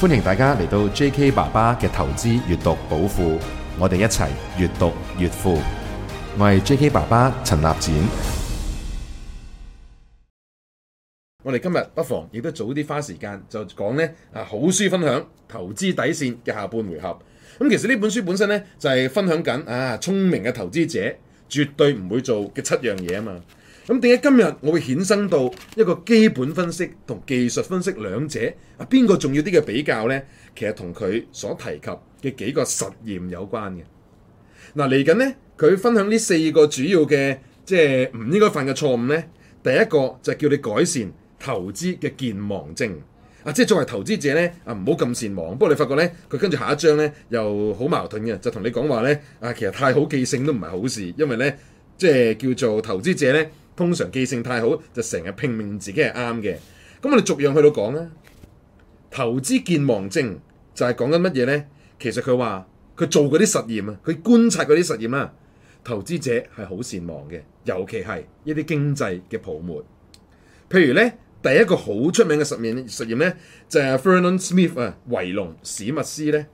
歡迎大家嚟到 JK 爸爸嘅投資閱讀寶庫，我哋一齊越讀越富。我係 JK 爸爸陳立展。我哋今日不妨亦都早啲花時間，就講呢啊好書分享，投資底線嘅下半回合。咁其實呢本書本身呢，就係分享緊啊聰明嘅投資者絕對唔會做嘅七樣嘢啊嘛。咁點解今日我會衍生到一個基本分析同技術分析兩者啊邊個重要啲嘅比較呢？其實同佢所提及嘅幾個實驗有關嘅。嗱，嚟緊呢，佢分享呢四個主要嘅即係唔應該犯嘅錯誤呢。第一個就係叫你改善投資嘅健忘症啊，即係作為投資者呢，啊，唔好咁善忘。不過你發覺呢，佢跟住下一章呢又好矛盾嘅，就同你講話呢，啊，其實太好記性都唔係好事，因為呢，即係叫做投資者呢。通常記性太好就成日拼命自己係啱嘅。咁我哋逐樣去到講啦。投資健忘症就係講緊乜嘢呢？其實佢話佢做嗰啲實驗啊，佢觀察嗰啲實驗啊，投資者係好善忘嘅，尤其係一啲經濟嘅泡沫。譬如呢，第一個好出名嘅實驗實驗呢，就係 Vernon Smith 啊，維隆史密斯呢。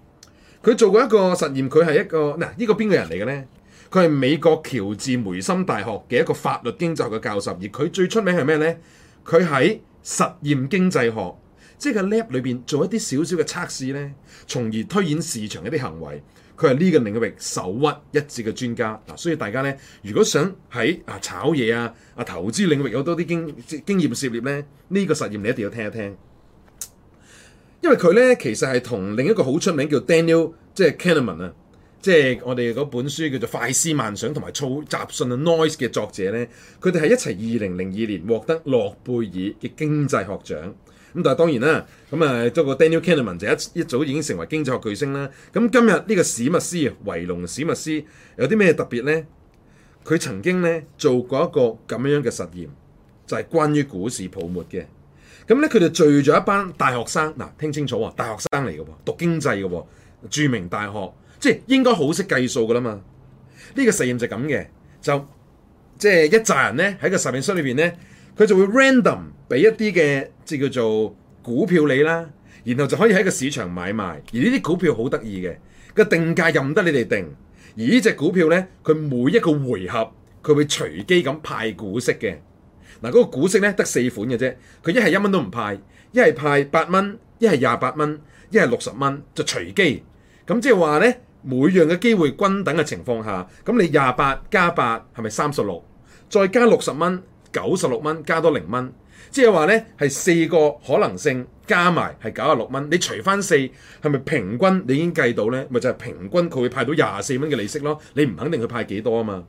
佢做過一個實驗，佢係一個嗱，呢個邊個人嚟嘅呢？佢係美國喬治梅森大學嘅一個法律經濟學嘅教授，而佢最出名係咩呢？佢喺實驗經濟學，即係個 lab 裏邊做一啲少少嘅測試呢，從而推演市場一啲行為。佢係呢個領域首屈一指嘅專家。啊，所以大家呢，如果想喺啊炒嘢啊啊投資領域有多啲經經驗涉獵呢，呢個實驗你一定要聽一聽，因為佢呢其實係同另一個好出名叫 Daniel，即係 Kahneman 啊。即係我哋嗰本書叫做《快思慢想》同埋《嘈雜訊》啊，noise 嘅作者呢，佢哋係一齊二零零二年獲得諾貝爾嘅經濟學獎。咁但係當然啦，咁啊多個 Daniel Kahneman 就一一早已經成為經濟學巨星啦。咁今日呢個史密斯啊，維龍史密斯有啲咩特別呢？佢曾經呢做過一個咁樣嘅實驗，就係關於股市泡沫嘅。咁呢，佢哋聚咗一班大學生，嗱，聽清楚喎，大學生嚟嘅喎，讀經濟嘅喎，著名大學。即係應該好識計數噶啦嘛？呢個實驗就咁嘅，就即係一扎人咧，喺個實驗室裏邊咧，佢就會 random 俾一啲嘅即叫做股票你啦，然後就可以喺個市場買賣。而呢啲股票好得意嘅，個定價又唔得你哋定。而呢隻股票咧，佢每一個回合佢會隨機咁派股息嘅。嗱，嗰個股息咧得四款嘅啫，佢一係一蚊都唔派，一係派八蚊，一係廿八蚊，一係六十蚊，就隨機。咁即係話咧。每樣嘅機會均等嘅情況下，咁你廿八加八係咪三十六？是是36，再加六十蚊，九十六蚊加多零蚊，即係話呢係四個可能性加埋係九十六蚊。你除翻四係咪平均？你已經計到呢咪就係、是、平均佢會派到廿四蚊嘅利息咯。你唔肯定佢派幾多啊嘛？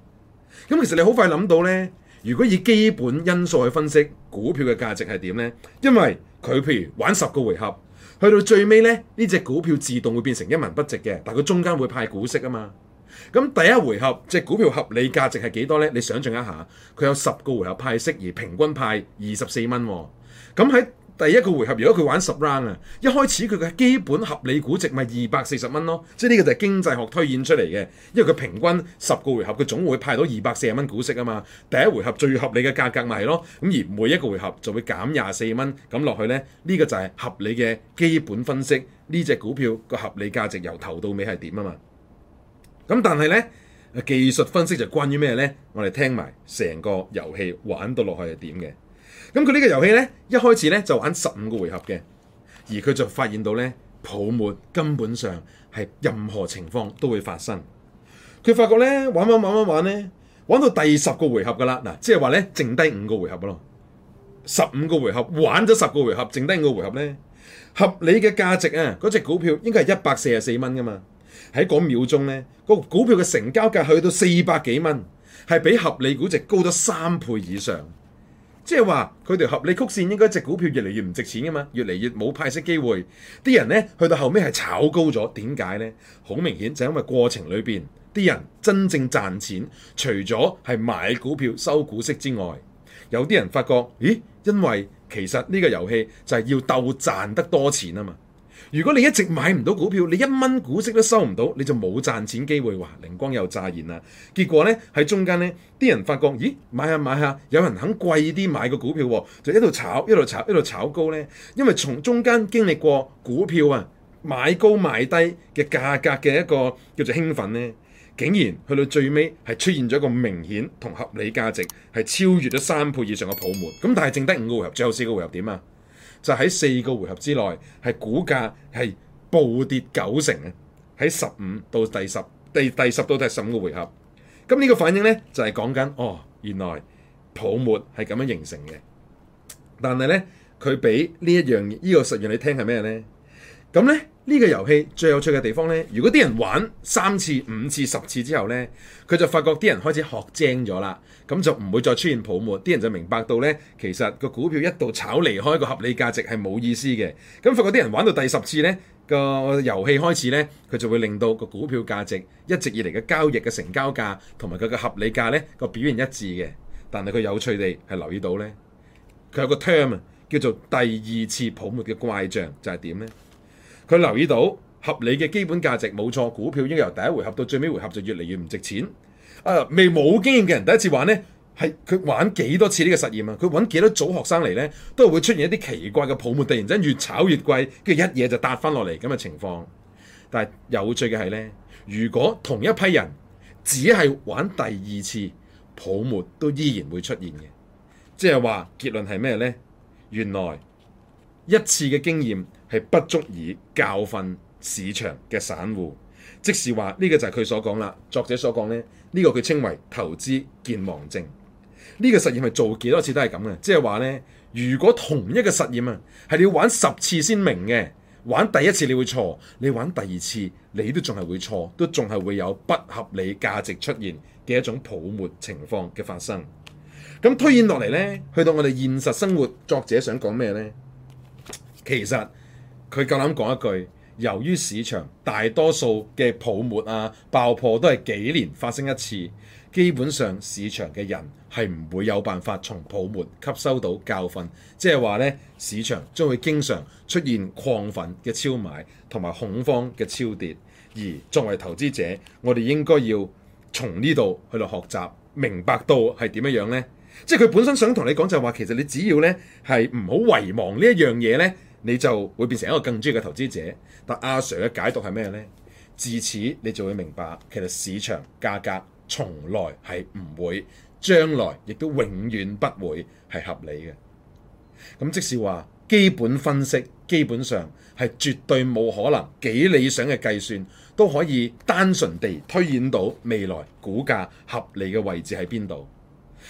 咁其實你好快諗到呢，如果以基本因素去分析股票嘅價值係點呢？因為佢譬如玩十個回合。去到最尾呢，呢隻股票自動會變成一文不值嘅，但係佢中間會派股息啊嘛。咁第一回合，隻股票合理價值係幾多呢？你想象一下，佢有十個回合派息，而平均派二十四蚊。咁喺第一個回合，如果佢玩十 round 啊，一開始佢嘅基本合理估值咪二百四十蚊咯，即係呢個就係經濟學推演出嚟嘅，因為佢平均十個回合佢總會派到二百四十蚊股息啊嘛，第一回合最合理嘅價格咪係咯，咁而每一個回合就會減廿四蚊咁落去呢，呢個就係合理嘅基本分析呢隻股票個合理價值由頭到尾係點啊嘛，咁但係呢，技術分析就關於咩呢？我哋聽埋成個遊戲玩到落去係點嘅。咁佢呢個遊戲呢，一開始呢就玩十五個回合嘅，而佢就發現到呢，泡沫根本上係任何情況都會發生。佢發覺呢，玩玩玩玩玩呢，玩到第十個回合噶啦，嗱，即係話呢，剩低五個回合咯。十五個回合玩咗十個回合，剩低五個回合呢，合理嘅價值啊，嗰隻股票應該係一百四十四蚊噶嘛。喺嗰秒鐘呢，個股票嘅成交價去到四百幾蚊，係比合理估值高咗三倍以上。即係話佢條合理曲線應該值股票越嚟越唔值錢㗎嘛，越嚟越冇派息機會。啲人呢，去到後尾係炒高咗，點解呢？好明顯就因為過程裏面啲人真正賺錢，除咗係買股票收股息之外，有啲人發覺，咦？因為其實呢個遊戲就係要鬥賺得多錢啊嘛。如果你一直買唔到股票，你一蚊股息都收唔到，你就冇賺錢機會話靈光又乍現啦。結果呢，喺中間呢啲人發覺，咦，買下買下，有人肯貴啲買個股票喎，就一路炒一路炒一路炒，炒高呢。因為從中間經歷過股票啊買高買低嘅價格嘅一個叫做興奮呢，竟然去到最尾係出現咗一個明顯同合理價值係超越咗三倍以上嘅泡沫。咁但係剩低五個回合，最後四個回合點啊？就喺四個回合之內，係股價係暴跌九成啊！喺十五到第十、第第十到第十五個回合，咁、這、呢個反應呢，就係講緊哦，原來泡沫係咁樣形成嘅。但係呢，佢俾呢一樣呢、這個實驗你聽係咩呢？咁呢。呢個遊戲最有趣嘅地方呢，如果啲人玩三次、五次、十次之後呢，佢就發覺啲人開始學精咗啦，咁就唔會再出現泡沫。啲人就明白到呢，其實個股票一度炒離開個合理價值係冇意思嘅。咁發覺啲人玩到第十次呢，個遊戲開始呢，佢就會令到個股票價值一直以嚟嘅交易嘅成交價同埋佢嘅合理價呢，個表現一致嘅。但係佢有趣地係留意到呢，佢有個 term 啊，叫做第二次泡沫嘅怪象，就係、是、點呢？佢留意到合理嘅基本價值冇錯，股票應該由第一回合到最尾回合就越嚟越唔值錢。啊，未冇經驗嘅人第一次玩呢，係佢玩幾多次呢個實驗啊？佢揾幾多組學生嚟呢，都會出現一啲奇怪嘅泡沫，突然之間越炒越貴，跟住一嘢就搭翻落嚟咁嘅情況。但係有趣嘅係呢，如果同一批人只係玩第二次，泡沫都依然會出現嘅。即係話結論係咩呢？原來一次嘅經驗。係不足以教訓市場嘅散戶，即是話呢個就係佢所講啦。作者所講呢，呢個佢稱為投資健忘症。呢個實驗係做幾多次都係咁嘅，即係話呢，如果同一個實驗啊，係你要玩十次先明嘅，玩第一次你會錯，你玩第二次你都仲係會錯，都仲係會有不合理價值出現嘅一種泡沫情況嘅發生。咁推演落嚟呢，去到我哋現實生活，作者想講咩呢？其實，佢夠膽講一句，由於市場大多數嘅泡沫啊爆破都係幾年發生一次，基本上市場嘅人係唔會有辦法從泡沫吸收到教訓，即係話呢，市場將會經常出現亢奮嘅超買同埋恐慌嘅超跌，而作為投資者，我哋應該要從呢度去度學習，明白到係點樣樣呢？即係佢本身想同你講就係話，其實你只要呢，係唔好遺忘呢一樣嘢呢。你就會變成一個更專業嘅投資者，但阿 Sir 嘅解讀係咩呢？自此你就會明白，其實市場價格從來係唔會，將來亦都永遠不會係合理嘅。咁即使話基本分析基本上係絕對冇可能幾理想嘅計算，都可以單純地推演到未來股價合理嘅位置喺邊度。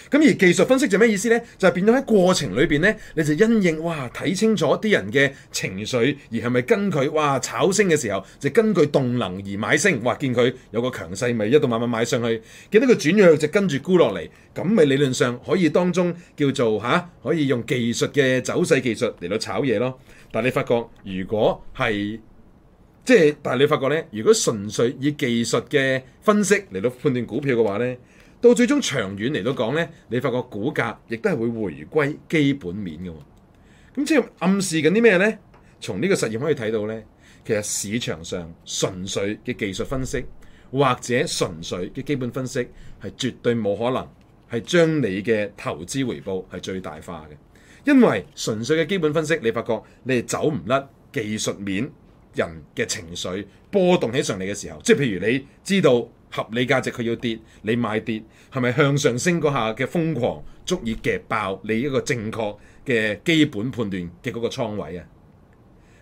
咁而技術分析就咩意思呢？就係變咗喺過程裏面呢，你就因應，哇，睇清楚啲人嘅情緒，而係咪跟佢，哇，炒升嘅時候就根據動能而買升，哇，見佢有個強勢咪一度慢慢買上去，見到佢轉弱就跟住沽落嚟，咁咪理論上可以當中叫做吓、啊、可以用技術嘅走勢技術嚟到炒嘢咯。但你發覺如果係即係，但你發覺呢，如果純粹以技術嘅分析嚟到判斷股票嘅話呢。到最終長遠嚟都講呢，你發覺股價亦都係會回歸基本面嘅。咁即係暗示緊啲咩呢？從呢個實驗可以睇到呢，其實市場上純粹嘅技術分析或者純粹嘅基本分析係絕對冇可能係將你嘅投資回報係最大化嘅。因為純粹嘅基本分析，你發覺你走唔甩技術面人嘅情緒波動起上嚟嘅時候，即係譬如你知道。合理價值佢要跌，你買跌係咪向上升嗰下嘅瘋狂足以夾爆你一個正確嘅基本判斷嘅嗰個倉位啊？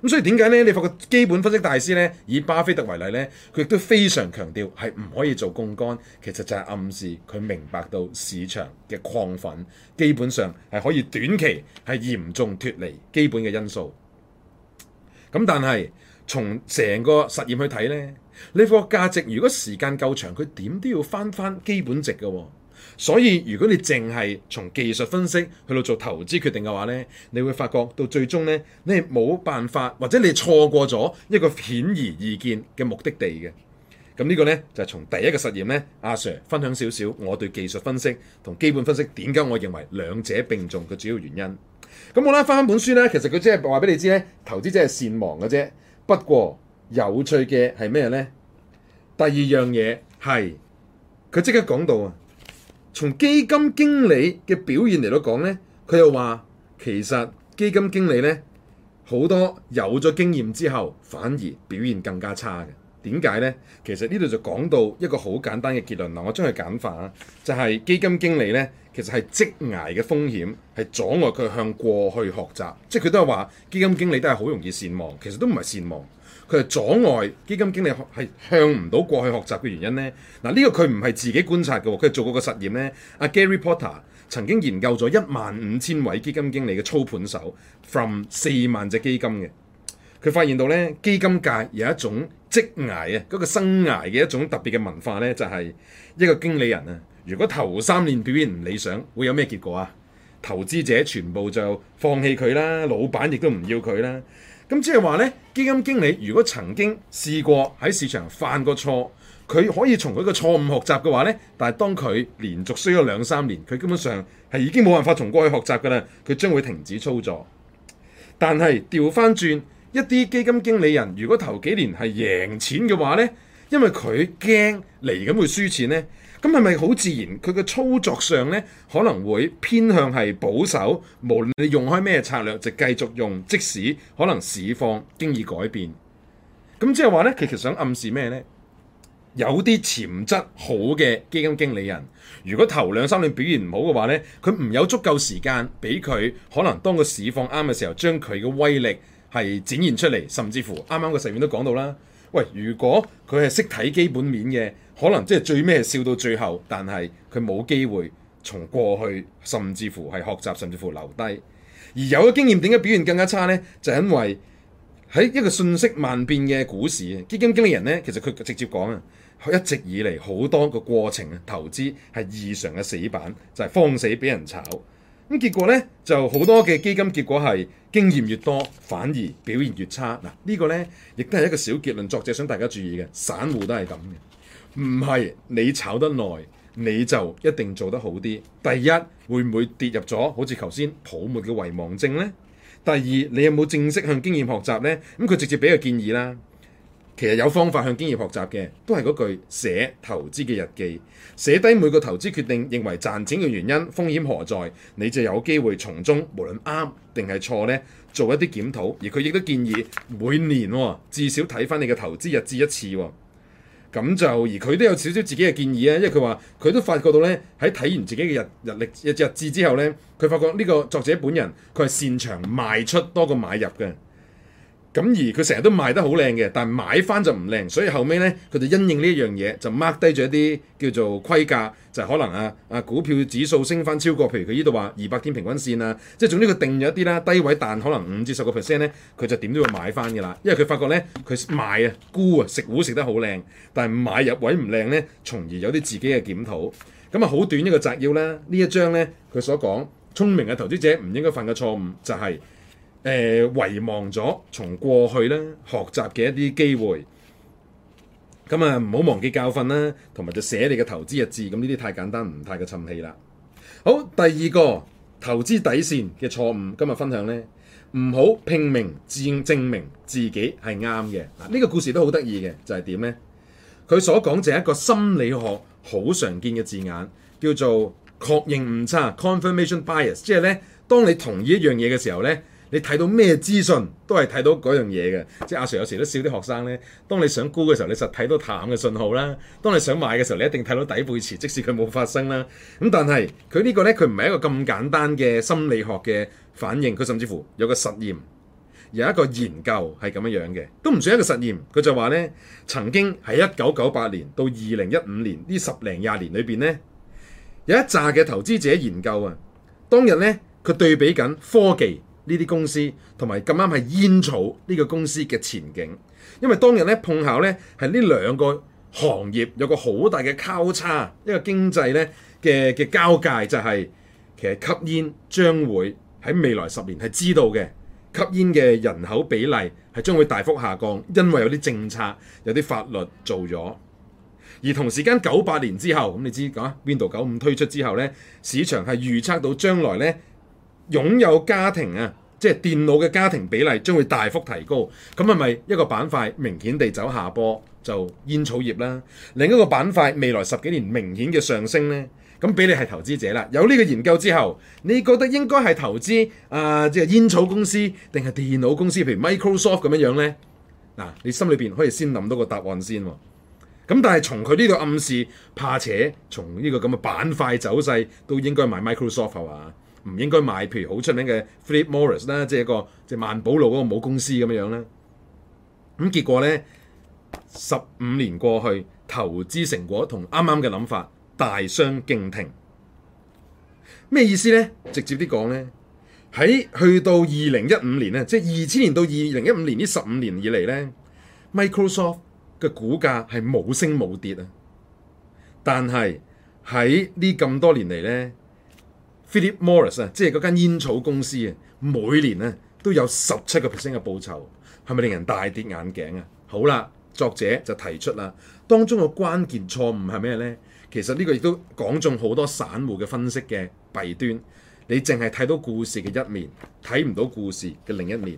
咁所以點解呢？你發覺基本分析大師呢，以巴菲特為例呢，佢亦都非常強調係唔可以做槓桿，其實就係暗示佢明白到市場嘅亢奮基本上係可以短期係嚴重脫離基本嘅因素。咁但係從成個實驗去睇呢。你個價值如果時間夠長，佢點都要翻翻基本值嘅啊。所以如果你淨係從技術分析去到做投資決定嘅話咧，你會發覺到最終咧，你係冇辦法，或者你錯過咗一個顯而易見嘅目的地嘅。咁呢個咧就係、是、從第一個實驗咧，阿、啊、Sir 分享少少我對技術分析同基本分析點解我認為兩者並重嘅主要原因那麼。咁我咧翻返本書咧，其實佢即係話俾你知咧，投資者係善忘嘅啫。不過有趣嘅係咩呢？第二樣嘢係佢即刻講到啊！從基金經理嘅表現嚟到講呢，佢又話其實基金經理呢，好多有咗經驗之後，反而表現更加差嘅。點解呢？其實呢度就講到一個好簡單嘅結論啦。我將佢簡化就係、是、基金經理呢，其實係職涯嘅風險係阻礙佢向過去學習，即係佢都係話基金經理都係好容易善忘，其實都唔係善忘。佢阻礙基金經理學係向唔到過去學習嘅原因呢？嗱、這、呢個佢唔係自己觀察嘅，佢做過個實驗呢，阿 Gary Potter 曾經研究咗一萬五千位基金經理嘅操盤手，from 四萬隻基金嘅。佢發現到呢，基金界有一種職涯啊，嗰、那個生涯嘅一種特別嘅文化呢，就係、是、一個經理人啊，如果頭三年表現唔理想，會有咩結果啊？投資者全部就放棄佢啦，老闆亦都唔要佢啦。咁即係話咧，基金經理如果曾經試過喺市場犯過錯，佢可以從佢個錯誤學習嘅話咧，但係當佢連續衰咗兩三年，佢根本上係已經冇辦法從過去學習噶啦，佢將會停止操作。但係調翻轉，一啲基金經理人如果頭幾年係贏錢嘅話咧，因為佢驚嚟咁會輸錢咧。咁係咪好自然？佢嘅操作上呢可能會偏向係保守。無論你用開咩策略，就繼續用。即使可能市況經已改變，咁即係話呢，佢其實想暗示咩呢？有啲潛質好嘅基金經理人，如果頭兩三年表現唔好嘅話呢，佢唔有足夠時間俾佢，可能當個市況啱嘅時候，將佢嘅威力係展現出嚟，甚至乎啱啱個成員都講到啦。喂，如果佢係識睇基本面嘅，可能即係最尾係笑到最後，但係佢冇機會從過去，甚至乎係學習，甚至乎留低。而有嘅經驗，點解表現更加差呢？就係因為喺一個瞬息萬變嘅股市，基金經理人呢，其實佢直接講啊，一直以嚟好多個過程投資係異常嘅死板，就係放死俾人炒。咁結果咧就好多嘅基金，結果係經驗越多反而表現越差。嗱，這個，呢個咧亦都係一個小結論，作者想大家注意嘅。散戶都係咁嘅，唔係你炒得耐你就一定做得好啲。第一，會唔會跌入咗好似頭先泡沫嘅遺忘症呢？第二，你有冇正式向經驗學習呢？咁佢直接俾個建議啦。其實有方法向經驗學習嘅，都係嗰句寫投資嘅日記，寫低每個投資決定，認為賺錢嘅原因、風險何在，你就有機會從中無論啱定係錯呢做一啲檢討。而佢亦都建議每年至少睇返你嘅投資日誌一次。咁就而佢都有少少自己嘅建議啊，因為佢話佢都發覺到呢，喺睇完自己嘅日日曆日誌之後呢，佢發覺呢個作者本人佢係擅長賣出多個買入嘅。咁而佢成日都賣得好靚嘅，但買翻就唔靚，所以後尾呢，佢就因應呢一樣嘢就 mark 低咗一啲叫做規格，就可能啊啊股票指數升翻超過，譬如佢呢度話二百天平均線啊，即係總之佢定咗一啲啦低位，但可能五至十個 percent 咧，佢就點都要買翻㗎啦，因為佢發覺呢，佢賣啊沽啊食糊食得好靚，但買入位唔靚呢，從而有啲自己嘅檢討。咁啊好短一個摘要啦，呢一章呢，佢所講聰明嘅投資者唔應該犯嘅錯誤就係。誒、呃、遺忘咗從過去咧學習嘅一啲機會，咁啊唔好忘記教訓啦，同埋就寫你嘅投資日誌。咁呢啲太簡單，唔太嘅沉氣啦。好，第二個投資底線嘅錯誤，今日分享呢，唔好拼命證明自己係啱嘅。呢、啊呢個故事都好得意嘅，就係、是、點呢？佢所講就係一個心理學好常見嘅字眼，叫做確認誤差 （confirmation bias）。即係呢，當你同意一樣嘢嘅時候呢。你睇到咩資訊都係睇到嗰樣嘢嘅，即係阿 Sir 有時都笑啲學生呢。當你想沽嘅時候，你實睇到淡嘅信號啦；當你想買嘅時候，你一定睇到底背馳，即使佢冇發生啦。咁但係佢呢個呢，佢唔係一個咁簡單嘅心理學嘅反應，佢甚至乎有個實驗，有一個研究係咁樣樣嘅，都唔算一個實驗。佢就話呢，曾經喺一九九八年到二零一五年呢十零廿年裏面呢，有一扎嘅投資者研究啊。當日呢，佢對比緊科技呢啲公司同埋咁啱係煙草呢個公司嘅前景，因為當日咧碰巧咧係呢兩個行業有個好大嘅交叉，一個經濟咧嘅嘅交界就係、是、其實吸煙將會，喺未來十年係知道嘅，吸煙嘅人口比例係將會大幅下降，因為有啲政策有啲法律做咗。而同時間九八年之後，咁你知講 Window 九五推出之後咧，市場係預測到將來咧。擁有家庭啊，即係電腦嘅家庭比例將會大幅提高，咁係咪一個板塊明顯地走下坡就煙草業啦？另一個板塊未來十幾年明顯嘅上升呢？咁俾你係投資者啦。有呢個研究之後，你覺得應該係投資啊，即、呃即係、煙草公司定係電腦公司？譬如 Microsoft 咁樣呢？嗱，你心裏邊可以先諗到個答案先。咁但係從佢呢度暗示，怕且從呢個咁嘅板塊走勢，都應該買 Microsoft 啊？唔應該買，譬如好出名嘅 Philip Morris 啦，即係一個即係萬寶路嗰個母公司咁樣啦。咁結果咧，十五年過去，投資成果同啱啱嘅諗法大相徑庭。咩意思咧？直接啲講咧，喺去到二零一五年咧，即係二千年到二零一五年呢十五年以嚟咧，Microsoft 嘅股價係冇升冇跌啊。但係喺呢咁多年嚟咧。Philip Morris 啊，即係嗰間煙草公司啊，每年咧都有十七個 percent 嘅報酬，係咪令人大跌眼鏡啊？好啦，作者就提出啦，當中嘅關鍵錯誤係咩呢？其實呢個亦都講中好多散戶嘅分析嘅弊端，你淨係睇到故事嘅一面，睇唔到故事嘅另一面。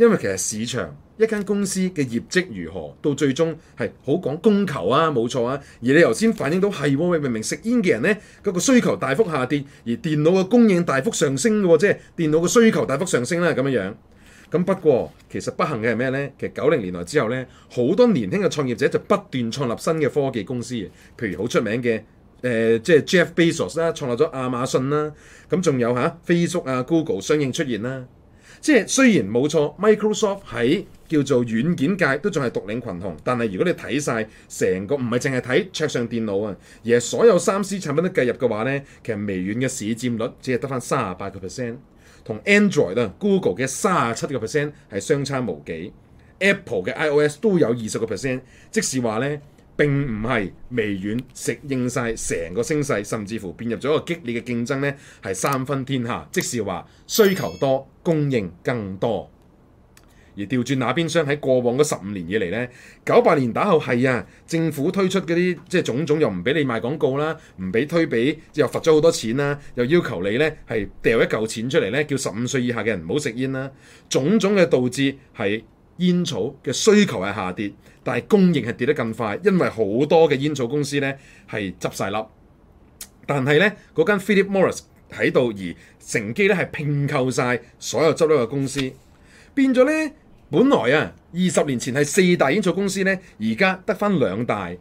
因為其實市場一間公司嘅業績如何，到最終係好講供求啊，冇錯啊。而你頭先反映到係喎、啊，明明食煙嘅人呢，嗰個需求大幅下跌，而電腦嘅供應大幅上升嘅、啊、喎，即係電腦嘅需求大幅上升啦咁樣樣。咁不過其實不幸嘅係咩呢？其實九零年代之後呢，好多年輕嘅創業者就不斷創立新嘅科技公司，譬如好出名嘅誒、呃，即係 Jeff Bezos 啦，創立咗亞馬遜啦。咁仲有吓 Facebook 啊、Google 相應出現啦。即係雖然冇錯，Microsoft 喺叫做軟件界都仲係獨領群雄，但係如果你睇晒，成個唔係淨係睇桌上電腦啊，而係所有三 C 產品都計入嘅話咧，其實微軟嘅市佔率只係得返三十八個 percent，同 Android 啊、And roid, Google 嘅三十七個 percent 係相差無幾，Apple 嘅 iOS 都有二十個 percent，即係話咧。並唔係微軟適應晒成個聲勢，甚至乎變入咗一個激烈嘅競爭呢係三分天下，即是話需求多，供應更多。而調轉那邊商喺過往嗰十五年以嚟呢，九八年打後係啊，政府推出嗰啲即係種種又唔俾你賣廣告啦，唔俾推俾，又罰咗好多錢啦，又要求你呢係掉一嚿錢出嚟呢，叫十五歲以下嘅人唔好食煙啦，種種嘅導致係。煙草嘅需求係下跌，但係供應係跌得更快，因為好多嘅煙草公司呢係執晒笠。但係呢，嗰間 Philip Morris 喺度而乘機呢係併購晒所有執笠嘅公司，變咗呢，本來啊二十年前係四大煙草公司呢，而家得返兩大，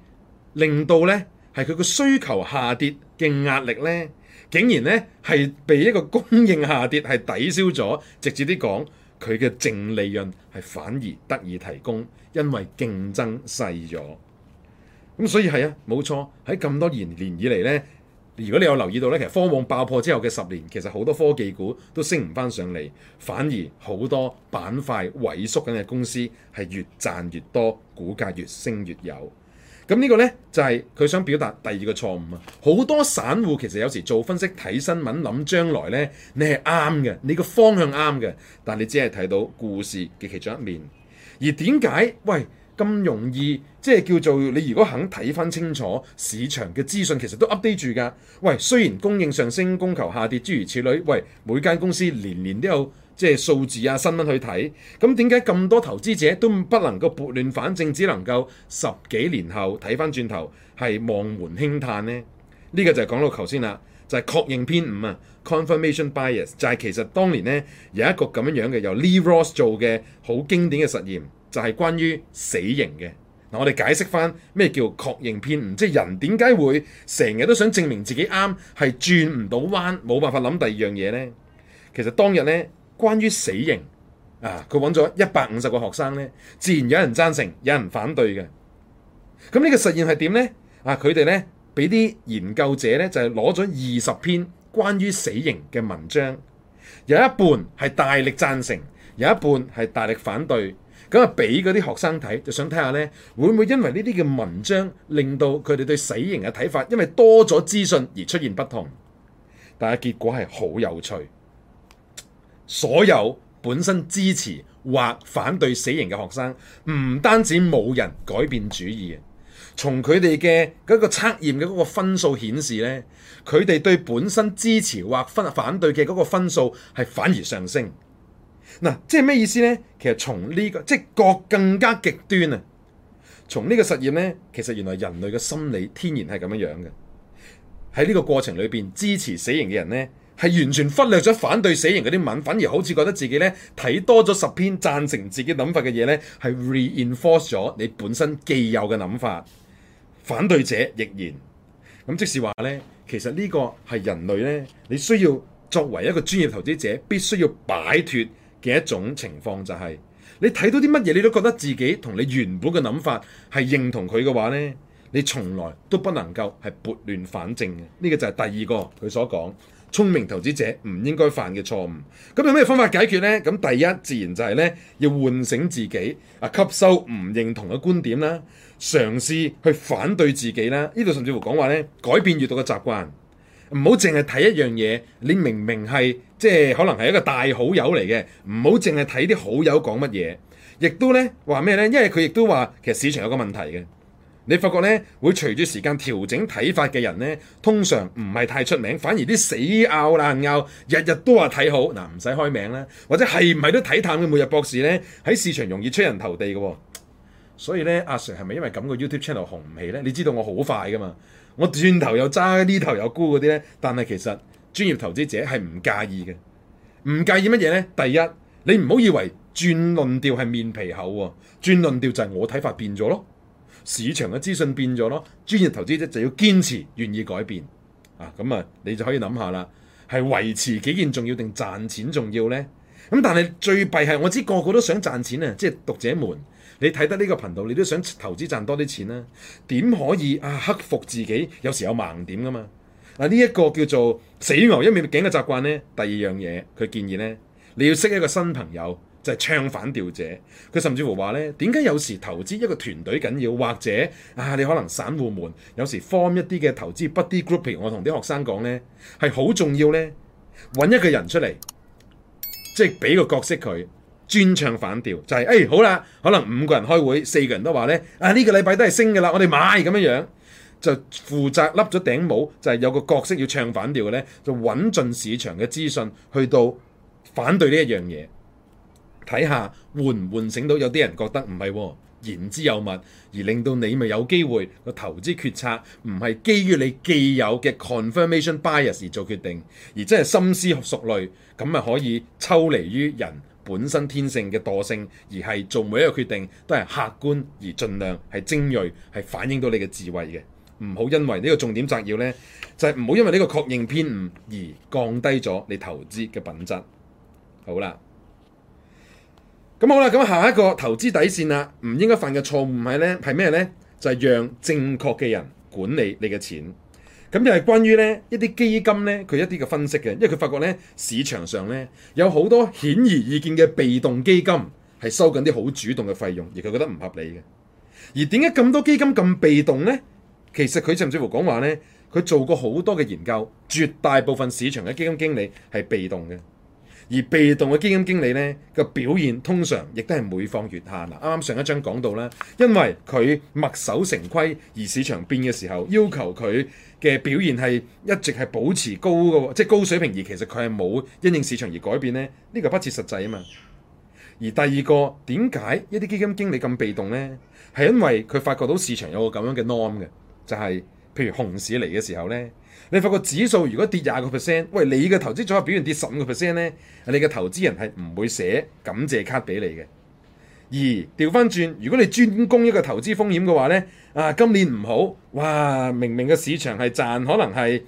令到呢係佢個需求下跌嘅壓力呢，竟然呢係被一個供應下跌係抵消咗，直接啲講。佢嘅淨利潤係反而得以提供，因為競爭細咗。咁所以係啊，冇錯，喺咁多年年以嚟呢，如果你有留意到呢，其實科網爆破之後嘅十年，其實好多科技股都升唔返上嚟，反而好多板塊萎縮緊嘅公司係越賺越多，股價越升越有。咁呢個呢，就係佢想表達第二個錯誤啊！好多散戶其實有時做分析睇新聞諗將來呢，你係啱嘅，你個方向啱嘅，但你只係睇到故事嘅其中一面。而點解？喂，咁容易即係叫做你如果肯睇返清楚市場嘅資訊，其實都 update 住㗎。喂，雖然供應上升、供求下跌，諸如此類。喂，每間公司年年都有。即係數字啊、新聞去睇，咁點解咁多投資者都不能夠撥亂反正，只能夠十幾年後睇翻轉頭係望門輕嘆呢？呢、這個就係講到頭先啦，就係、是、確認偏誤啊 （confirmation bias）。就係其實當年呢，有一個咁樣樣嘅由 Lee Ross 做嘅好經典嘅實驗，就係、是、關於死刑嘅。嗱，我哋解釋翻咩叫確認偏誤，即係人點解會成日都想證明自己啱，係轉唔到彎，冇辦法諗第二樣嘢呢？其實當日呢。關於死刑啊，佢搵咗一百五十個學生咧，自然有人贊成，有人反對嘅。咁呢個實驗係點呢？啊，佢哋呢，俾啲研究者呢，就係攞咗二十篇關於死刑嘅文章，有一半係大力贊成，有一半係大力反對。咁啊，俾嗰啲學生睇，就想睇下呢，會唔會因為呢啲嘅文章令到佢哋對死刑嘅睇法，因為多咗資訊而出現不同？但係結果係好有趣。所有本身支持或反對死刑嘅學生，唔單止冇人改變主意，從佢哋嘅嗰個測驗嘅嗰個分數顯示呢，佢哋對本身支持或反反對嘅嗰個分數係反而上升。嗱，啊，即係咩意思呢？其實從呢、這個即係更加極端啊！從呢個實驗呢，其實原來人類嘅心理天然係咁樣樣嘅。喺呢個過程裏邊，支持死刑嘅人呢。係完全忽略咗反對死刑嗰啲文，反而好似覺得自己咧睇多咗十篇贊成自己諗法嘅嘢咧，係 reinforce 咗你本身既有嘅諗法。反對者亦然。咁即是話咧，其實呢個係人類咧，你需要作為一個專業投資者，必須要擺脫嘅一種情況，就是，就係你睇到啲乜嘢，你都覺得自己同你原本嘅諗法係認同佢嘅話咧，你從來都不能夠係撥亂反正嘅。呢、這個就係第二個佢所講。聰明投資者唔應該犯嘅錯誤，咁有咩方法解決呢？咁第一自然就係咧要喚醒自己，啊吸收唔認同嘅觀點啦，嘗試去反對自己啦。呢度甚至乎講話咧改變閱讀嘅習慣，唔好淨係睇一樣嘢。你明明係即係可能係一個大好友嚟嘅，唔好淨係睇啲好友講乜嘢。亦都咧話咩呢？因為佢亦都話其實市場有個問題嘅。你發覺咧，會隨住時間調整睇法嘅人咧，通常唔係太出名，反而啲死拗爛拗，日日都話睇好嗱，唔使開名啦，或者係唔係都睇淡嘅每日博士咧，喺市場容易出人頭地嘅，哦。所以咧，阿、啊、Sir 係咪因為咁個 YouTube channel 紅唔起咧？你知道我好快噶嘛，我轉頭又揸呢頭又沽嗰啲咧，但係其實專業投資者係唔介意嘅，唔介意乜嘢咧？第一，你唔好以為轉論調係面皮厚喎，哦，轉論調就係我睇法變咗咯。市場嘅資訊變咗咯，專業投資者就要堅持，願意改變啊！咁啊，你就可以諗下啦，係維持幾件重要定賺錢重要呢？咁但係最弊係，我知個個都想賺錢啊！即係讀者們，你睇得呢個頻道，你都想投資賺多啲錢啦。點可以啊？克服自己有時有盲點噶嘛？啊，呢一個叫做死牛一面頸嘅習慣呢，第二樣嘢佢建議呢，你要識一個新朋友。就係唱反調者，佢甚至乎話呢，點解有時投資一個團隊緊要，或者啊，你可能散戶們有時 form 一啲嘅投資 buddy grouping，我同啲學生講呢係好重要，呢揾一個人出嚟，即係俾個角色佢專唱反調，就係、是、誒、哎、好啦，可能五個人開會，四個人都話呢啊，呢、這個禮拜都係升㗎啦，我哋買咁樣樣，就負責笠咗頂帽，就係、是、有個角色要唱反調嘅呢就揾盡市場嘅資訊去到反對呢一樣嘢。睇下換唔換醒到有啲人覺得唔係喎，言之有物，而令到你咪有機會個投資決策唔係基於你既有嘅 confirmation bias 而做決定，而真係深思熟慮，咁咪可以抽離於人本身天性嘅惰性，而係做每一個決定都係客觀而盡量係精鋭，係反映到你嘅智慧嘅。唔好因為呢個重點摘要呢，就係唔好因為呢個確認偏誤而降低咗你投資嘅品質。好啦。咁好啦，咁下一個投資底線啦，唔應該犯嘅錯誤係咧，係咩咧？就係讓正確嘅人管理你嘅錢。咁又係關於咧一啲基金咧，佢一啲嘅分析嘅，因為佢發覺咧市場上咧有好多顯而易見嘅被動基金係收緊啲好主動嘅費用，而佢覺得唔合理嘅。而點解咁多基金咁被動咧？其實佢甚至乎講話咧，佢做過好多嘅研究，絕大部分市場嘅基金經理係被動嘅。而被動嘅基金經理呢個表現通常亦都係每況愈下嗱，啱啱上一章講到啦，因為佢墨守成規，而市場變嘅時候，要求佢嘅表現係一直係保持高嘅，即係高水平，而其實佢係冇因應市場而改變呢，呢、呢個不切實際啊嘛。而第二個點解一啲基金經理咁被動呢？係因為佢發覺到市場有個咁樣嘅 norm 嘅，就係、是、譬如熊市嚟嘅時候呢。你發覺指數如果跌廿個 percent，喂，你嘅投資組合表現跌十五個 percent 咧，你嘅投資人係唔會寫感謝卡俾你嘅。而調翻轉，如果你專攻一個投資風險嘅話咧，啊，今年唔好，哇明明個市場係賺，可能係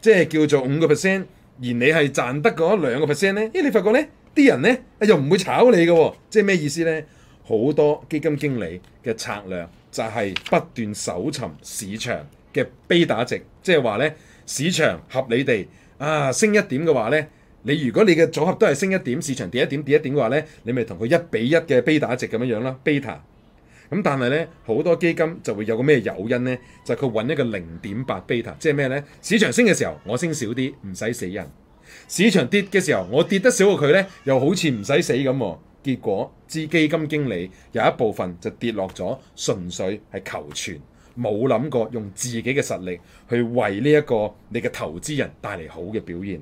即係叫做五個 percent，而你係賺得嗰兩個 percent 咧，因為你發覺咧啲人咧又唔會炒你嘅、哦，即係咩意思咧？好多基金經理嘅策略就係不斷搜尋市場嘅悲打值，即係話咧。市場合理地啊升一點嘅話呢，你如果你嘅組合都係升一點，市場跌一點跌一點嘅話呢，你咪同佢一比一嘅 beta 值咁樣樣啦，beta。咁但係呢，好多基金就會有個咩誘因呢？就係佢揾一個零點八 beta，即係咩呢？市場升嘅時候我升少啲，唔使死人；市場跌嘅時候我跌得少過佢呢，又好似唔使死咁。結果啲基金經理有一部分就跌落咗，純粹係求存。冇諗過用自己嘅實力去為呢一個你嘅投資人帶嚟好嘅表現，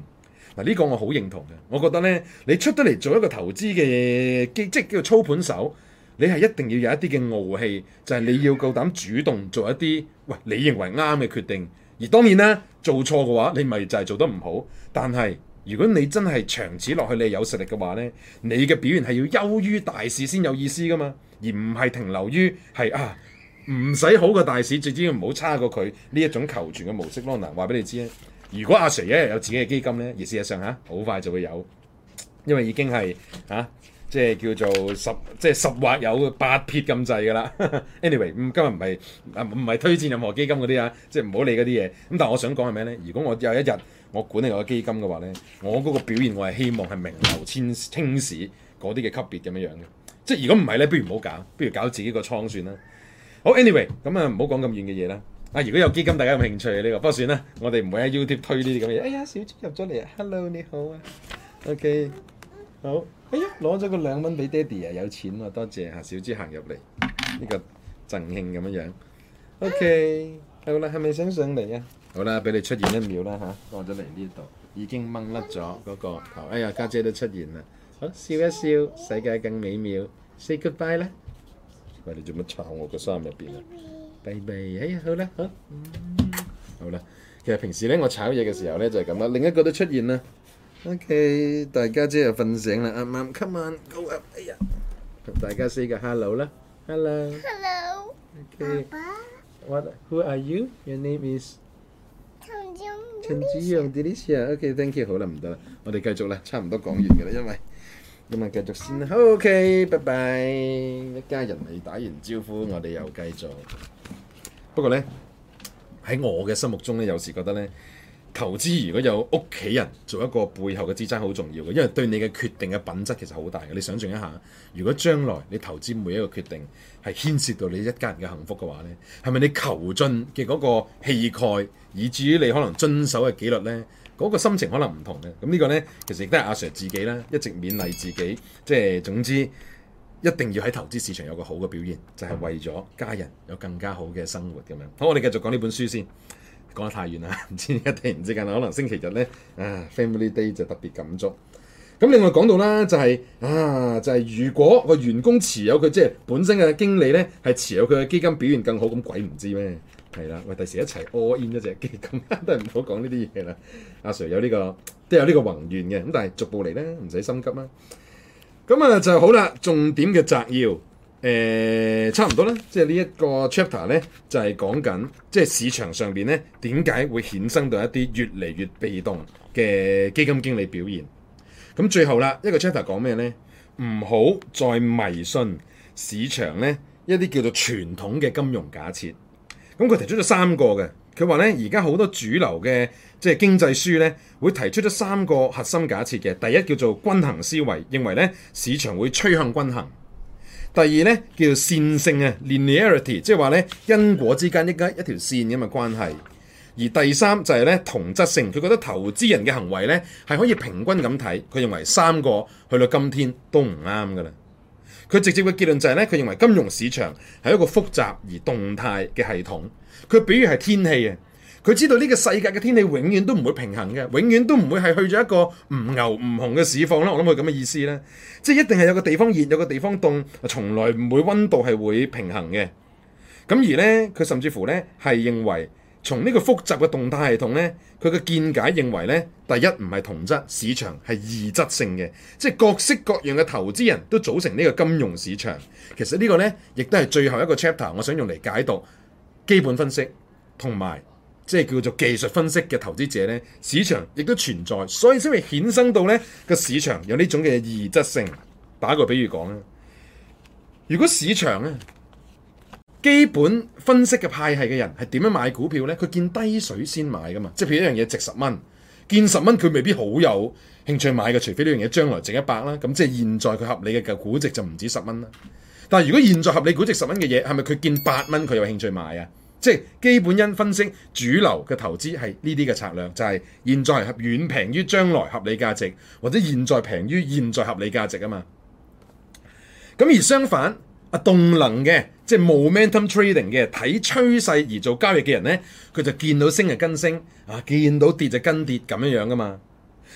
嗱、這、呢個我好認同嘅。我覺得呢，你出得嚟做一個投資嘅機，即叫操盤手，你係一定要有一啲嘅傲氣，就係、是、你要夠膽主動做一啲，喂，你認為啱嘅決定。而當然啦，做錯嘅話，你咪就係做得唔好。但係如果你真係長此落去，你有實力嘅話呢，你嘅表現係要優於大市先有意思噶嘛，而唔係停留於係啊。唔使好過大市，最主要唔好差過佢，呢一種求存嘅模式咯。嗱、呃，話俾你知啊，如果阿 Sir 一日有自己嘅基金咧，而事實上吓好快就會有，因為已經係吓、啊、即係叫做十即係十劃有八撇咁滯噶啦。Anyway，今日唔係唔唔係推薦任何基金嗰啲啊，即係唔好理嗰啲嘢。咁但係我想講係咩咧？如果我有一日我管理我嘅基金嘅話咧，我嗰個表現我係希望係名流千青史嗰啲嘅級別咁樣樣嘅。即係如果唔係咧，不如唔好搞，不如搞自己個倉算啦。好，anyway，咁、嗯、啊，唔好講咁遠嘅嘢啦。啊，如果有基金，大家有冇興趣呢、這個，不過算啦，我哋唔會喺 YouTube 推呢啲咁嘅嘢。哎呀，小豬入咗嚟啊！Hello，你好啊。OK，好。哎呀，攞咗個兩蚊俾爹哋啊，有錢啊，多謝吓。小豬行入嚟，呢、這個贈慶咁樣樣。OK，好啦，係咪想上嚟啊？好啦，俾你出現一秒啦吓，過咗嚟呢度，已經掹甩咗嗰個球。哎呀，家姐，姐都出現啦。好，笑一笑，世界更美妙。Say goodbye 啦。喂，你做乜炒我個衫入邊啊？Baby，哎呀，好啦好，好啦。其實平時咧我炒嘢嘅時候咧就係咁啦。另一個都出現啦。OK，大家姐又瞓醒啦。阿媽 come on go up，哎呀，大家 say 個 hello 啦。Hello。Hello。爸爸。What? Who are you? Your name is？陳子陽。陳子陽 Delicia。OK，thank you，好啦，唔得啦，我哋繼續啦，差唔多講完嘅啦，因為。咁啊，繼續先啦。OK，拜拜。一家人嚟打完招呼，我哋又繼續。嗯，不過呢，喺我嘅心目中呢，有時覺得呢，投資如果有屋企人做一個背後嘅支撐，好重要嘅，因為對你嘅決定嘅品質其實好大嘅。你想像一下，如果將來你投資每一個決定係牽涉到你一家人嘅幸福嘅話呢，係咪你求進嘅嗰個氣概，以至於你可能遵守嘅紀律呢？嗰個心情可能唔同嘅，咁呢個呢，其實亦都係阿 Sir 自己啦，一直勉勵自己，即係總之一定要喺投資市場有個好嘅表現，就係、是、為咗家人有更加好嘅生活咁樣。嗯、好，我哋繼續講呢本書先，講得太遠啦，唔知一定唔知近啦，可能星期日呢啊 Family Day 就特別感觸。咁另外講到啦、就係，就係啊，就係、是、如果個員工持有佢即係本身嘅經理呢，係持有佢嘅基金表現更好，咁鬼唔知咩？係啦，喂，第時一齊卧 in 一隻基金，都唔好講呢啲嘢啦。阿、啊、Sir 有呢、這個，都有呢個宏願嘅，咁但係逐步嚟啦，唔使心急啦、啊。咁啊就好啦，重點嘅摘要，誒、欸，差唔多啦，即係呢一個 chapter 咧，就係講緊，即、就、係、是、市場上面咧，點解會衍生到一啲越嚟越被動嘅基金經理表現？咁最後啦，一個 chapter 講咩咧？唔好再迷信市場咧，一啲叫做傳統嘅金融假設。咁佢提出咗三個嘅，佢話咧而家好多主流嘅即係經濟書咧，會提出咗三個核心假設嘅。第一叫做均衡思維，認為咧市場會趨向均衡。第二咧叫做線性啊 （linearity），即係話咧因果之間一家一條線咁嘅關係。而第三就係咧同質性，佢覺得投資人嘅行為咧係可以平均咁睇。佢認為三個去到今天都唔啱㗎啦。佢直接嘅結論就係咧，佢認為金融市場係一個複雜而動態嘅系統。佢比如係天氣嘅，佢知道呢個世界嘅天氣永遠都唔會平衡嘅，永遠都唔會係去咗一個唔牛唔熊嘅市況啦。我諗佢咁嘅意思咧，即係一定係有個地方熱，有個地方凍，從來唔會温度係會平衡嘅。咁而咧，佢甚至乎咧係認為。從呢個複雜嘅動態系統呢，佢嘅見解認為呢，第一唔係同質市場，係異質性嘅，即係各式各樣嘅投資人都組成呢個金融市場。其實呢個呢，亦都係最後一個 chapter，我想用嚟解讀基本分析同埋即係叫做技術分析嘅投資者呢，市場亦都存在，所以先會衍生到呢個市場有呢種嘅異質性。打個比喻講呢，如果市場呢基本分析嘅派系嘅人係點樣買股票呢？佢見低水先買噶嘛？即係譬如一樣嘢值十蚊，見十蚊佢未必好有興趣買嘅，除非呢樣嘢將來值一百啦。咁即係現在佢合理嘅估值就唔止十蚊啦。但係如果現在合理估值十蚊嘅嘢，係咪佢見八蚊佢有興趣買啊？即係基本因分析主流嘅投資係呢啲嘅策略，就係現在係遠平於將來合理價值，或者現在平於現在合理價值啊嘛。咁而相反，阿動能嘅。即係 momentum trading 嘅睇趨勢而做交易嘅人咧，佢就見到升就跟升啊，見到跌就跟跌咁樣樣噶嘛。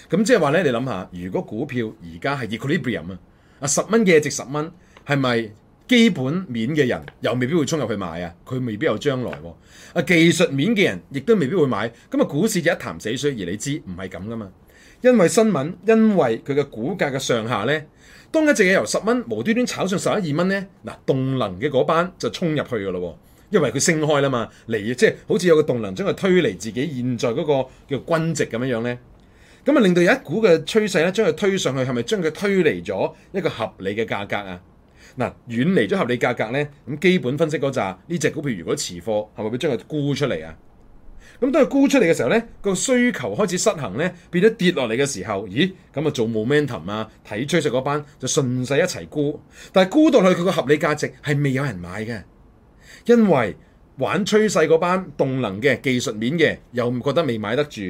咁即係話咧，你諗下，如果股票而家係 equilibrium 啊，十蚊嘅值十蚊，係咪基本面嘅人又未必會衝入去買啊？佢未必有將來啊，啊技術面嘅人亦都未必會買。咁啊，股市就一潭死水，而你知唔係咁噶嘛？因為新聞，因為佢嘅股價嘅上下咧。當一隻嘢由十蚊無端端炒上十一二蚊咧，嗱，動能嘅嗰班就衝入去嘅咯喎，因為佢升開啦嘛，嚟即係好似有個動能將佢推離自己現在嗰個叫均值咁樣樣咧，咁啊令到有一股嘅趨勢咧將佢推上去，係咪將佢推離咗一個合理嘅價格啊？嗱，遠離咗合理價格咧，咁基本分析嗰紮呢隻股票如果持貨，係咪會將佢沽出嚟啊？咁都係沽出嚟嘅時候咧，個需求開始失衡咧，變咗跌落嚟嘅時候，咦？咁啊做 momentum 啊，睇趨勢嗰班就順勢一齊沽。但係沽到去佢個合理價值係未有人買嘅，因為玩趨勢嗰班動能嘅技術面嘅又唔覺得未買得住。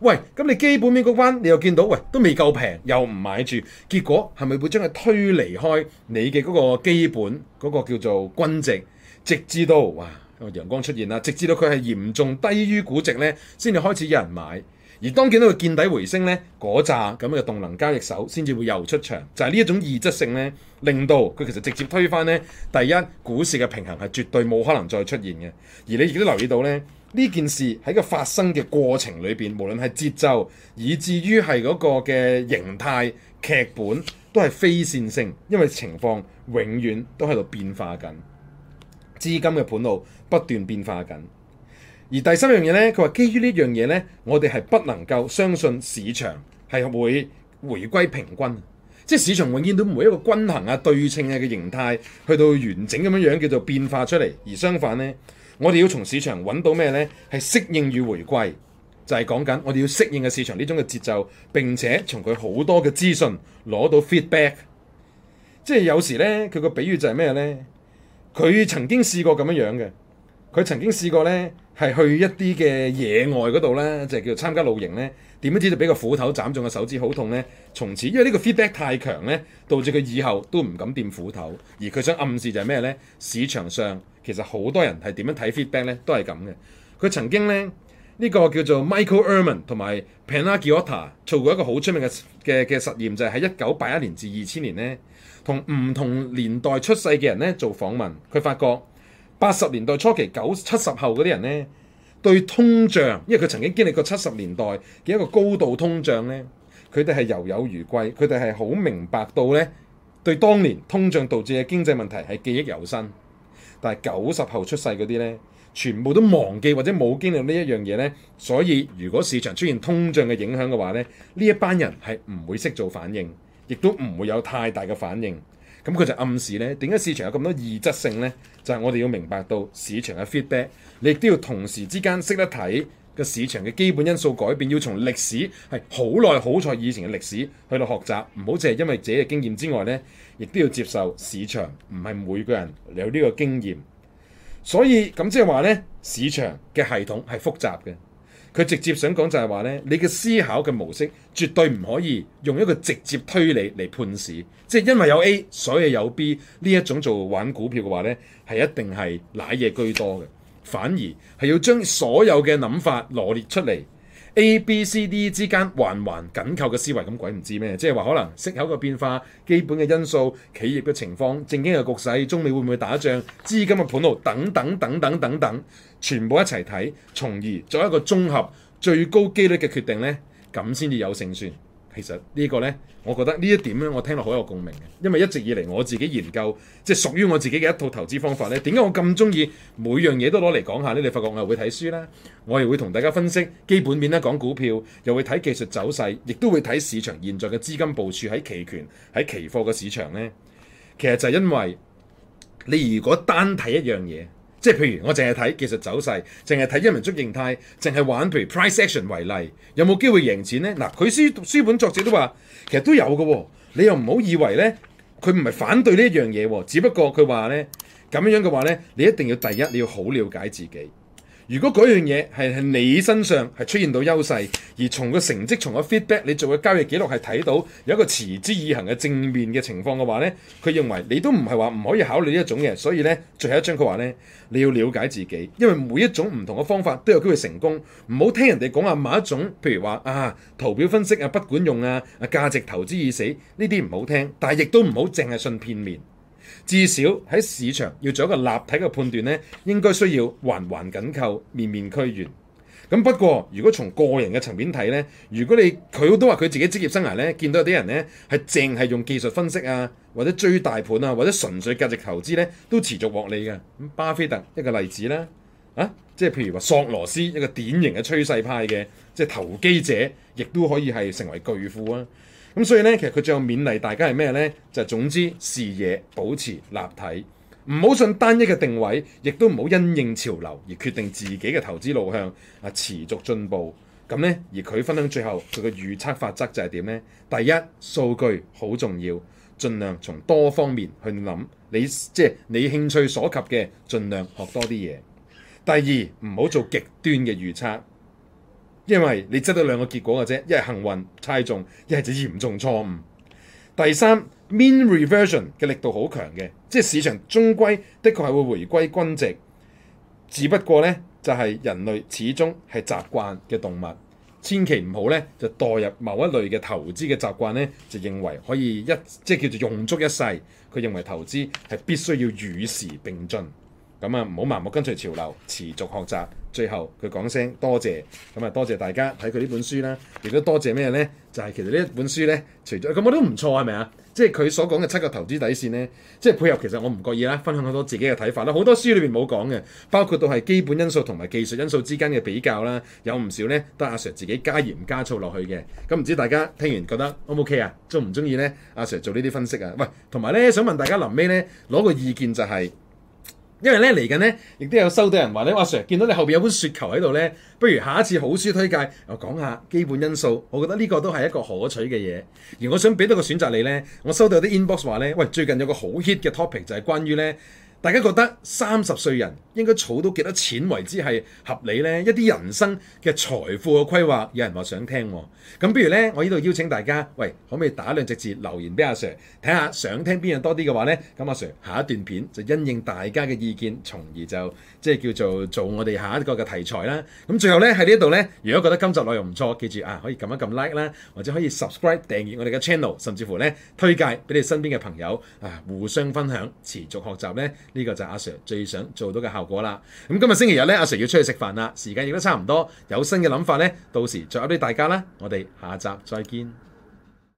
喂，咁你基本面嗰班你又見到喂都未夠平，又唔買住，結果係咪會將佢推離開你嘅嗰個基本嗰個叫做均值，直至到哇？陽光出現啦，直至到佢係嚴重低於估值咧，先至開始有人買。而當見到佢見底回升咧，嗰扎咁嘅動能交易手先至會又出場。就係、是、呢一種異質性咧，令到佢其實直接推翻咧。第一，股市嘅平衡係絕對冇可能再出現嘅。而你亦都留意到咧，呢件事喺個發生嘅過程裏邊，無論係節奏，以至於係嗰個嘅形態劇本，都係非線性，因為情況永遠都喺度變化緊。資金嘅盤路。不斷變化緊，而第三樣嘢呢，佢話基於呢樣嘢呢，我哋係不能夠相信市場係會回歸平均，即係市場永遠都冇一個均衡啊、對稱啊嘅形態去到完整咁樣樣叫做變化出嚟。而相反呢，我哋要從市場揾到咩呢？係適應與回歸，就係講緊我哋要適應嘅市場呢種嘅節奏，並且從佢好多嘅資訊攞到 feedback。即係有時呢，佢個比喻就係咩呢？佢曾經試過咁樣樣嘅。佢曾經試過咧，係去一啲嘅野外嗰度咧，就係叫做參加露營咧。點樣知道就俾個斧頭斬中個手指呢，好痛咧。從此，因為呢個 feedback 太強咧，導致佢以後都唔敢掂斧頭。而佢想暗示就係咩咧？市場上其實好多人係點樣睇 feedback 咧，都係咁嘅。佢曾經咧呢個叫做 Michael Ehrmann 同埋 Panagiota 做過一個好出名嘅嘅嘅實驗，就係喺一九八一年至二千年咧，同唔同年代出世嘅人咧做訪問，佢發覺。八十年代初期九七十後嗰啲人呢，對通脹，因為佢曾經經歷過七十年代嘅一個高度通脹呢，佢哋係猶有餘悸，佢哋係好明白到呢，對當年通脹導致嘅經濟問題係記憶猶新。但係九十後出世嗰啲呢，全部都忘記或者冇經歷呢一樣嘢呢。所以如果市場出現通脹嘅影響嘅話呢，呢一班人係唔會識做反應，亦都唔會有太大嘅反應。咁佢就暗示咧，點解市場有咁多異質性呢？就係、是、我哋要明白到市場嘅 feedback，你亦都要同時之間識得睇個市場嘅基本因素改變，要從歷史係好耐好耐以前嘅歷史去到學習，唔好淨係因為自己嘅經驗之外呢，亦都要接受市場唔係每個人有呢個經驗，所以咁即係話呢，市場嘅系統係複雜嘅。佢直接想講就係話咧，你嘅思考嘅模式絕對唔可以用一個直接推理嚟判市，即係因為有 A 所以有 B 呢一種做玩股票嘅話咧，係一定係瀨嘢居多嘅，反而係要將所有嘅諗法羅列出嚟。A、B、C、D 之間環環緊扣嘅思維，咁鬼唔知咩？即係話可能息口嘅變化、基本嘅因素、企業嘅情況、政經嘅局勢、中美會唔會打仗、資金嘅盤路等等等等等等，全部一齊睇，從而做一個綜合最高機率嘅決定呢，咁先至有勝算。其實呢個呢，我覺得呢一點我聽落好有共鳴嘅，因為一直以嚟我自己研究，即係屬於我自己嘅一套投資方法呢，點解我咁中意每樣嘢都攞嚟講下？你你發覺我又會睇書啦，我又會同大家分析基本面啦，講股票，又會睇技術走勢，亦都會睇市場現在嘅資金部署喺期權、喺期貨嘅市場呢，其實就係因為你如果單睇一樣嘢。即係譬如我淨係睇技術走勢，淨係睇一民族形態，淨係玩譬如 price action 為例，有冇機會贏錢呢？嗱，佢書書本作者都話，其實都有嘅喎。你又唔好以為呢，佢唔係反對呢一樣嘢，只不過佢話呢，咁樣嘅話呢，你一定要第一你要好了解自己。如果嗰樣嘢係你身上係出現到優勢，而從個成績、從個 feedback、你做嘅交易記錄係睇到有一個持之以恒嘅正面嘅情況嘅話呢，佢認為你都唔係話唔可以考慮一種嘅，所以呢，最後一張佢話呢，你要了解自己，因為每一種唔同嘅方法都有機會成功，唔好聽人哋講啊，某一種，譬如話啊圖表分析啊不管用啊，啊價值投資已死呢啲唔好聽，但係亦都唔好淨係信片面。至少喺市場要做一個立體嘅判斷呢，應該需要環環緊扣、面面俱圓。咁不過，如果從個人嘅層面睇呢，如果你佢都話佢自己職業生涯呢，見到有啲人呢係淨係用技術分析啊，或者追大盤啊，或者純粹價值投資呢，都持續獲利嘅。咁巴菲特一個例子啦，啊，即係譬如話索羅斯一個典型嘅趨勢派嘅，即係投機者，亦都可以係成為巨富啊。咁所以咧，其實佢最後勉勵大家係咩咧？就總之視野保持立體，唔好信單一嘅定位，亦都唔好因應潮流而決定自己嘅投資路向啊！持續進步咁咧，而佢分享最後佢嘅預測法則就係點咧？第一，數據好重要，盡量從多方面去諗你即係你興趣所及嘅，盡量學多啲嘢。第二，唔好做極端嘅預測。因為你執到兩個結果嘅啫，一係幸運猜中，一係就嚴重錯誤。第三，mean reversion 嘅力度好強嘅，即係市場終歸的確係會回歸均值。只不過呢，就係人類始終係習慣嘅動物，千祈唔好呢，就墮入某一類嘅投資嘅習慣呢，就認為可以一即係叫做用足一世。佢認為投資係必須要與時並進。咁啊，唔好盲目跟隨潮流，持續學習。最後佢講聲多謝，咁啊多謝大家睇佢呢本書啦。亦都多謝咩呢？就係其實呢一本書呢，除咗咁我都唔錯，係咪啊？即係佢所講嘅七個投資底線呢，即係配合其實我唔覺意啦，分享好多自己嘅睇法啦。好多書裏面冇講嘅，包括到係基本因素同埋技術因素之間嘅比較啦，有唔少呢都係阿 Sir 自己加鹽加醋落去嘅。咁唔知大家聽完覺得 O 唔 OK 啊？中唔中意呢？阿 Sir 做呢啲分析啊？喂，同埋呢，想問大家臨尾呢，攞個意見就係。因為咧嚟緊咧，亦都有收到人話咧，阿 Sir 見到你後面有本雪球喺度咧，不如下一次好書推介，我講下基本因素，我覺得呢個都係一個可取嘅嘢。而我想俾多個選擇你咧，我收到啲 inbox 話咧，喂，最近有個好 hit 嘅 topic 就係關於咧。大家覺得三十歲人應該儲到幾多錢為之係合理呢？一啲人生嘅財富嘅規劃，有人話想聽，啊。咁，不如呢，我呢度邀請大家，喂，可唔可以打兩隻字留言俾阿 Sir 睇下，想聽邊樣多啲嘅話呢？咁阿 Sir 下一段片就因應大家嘅意見，從而就即係叫做做我哋下一個嘅題材啦。咁最後呢，喺呢度呢，如果覺得今集內容唔錯，記住啊，可以撳一撳 like 啦，或者可以 subscribe 訂閱我哋嘅 channel，甚至乎呢，推介俾你身邊嘅朋友啊，互相分享，持續學習呢。呢個就係阿 Sir 最想做到嘅效果啦。咁今日星期日咧，阿 Sir 要出去食飯啦，時間亦都差唔多。有新嘅諗法咧，到時再 update 大家啦。我哋下集再見。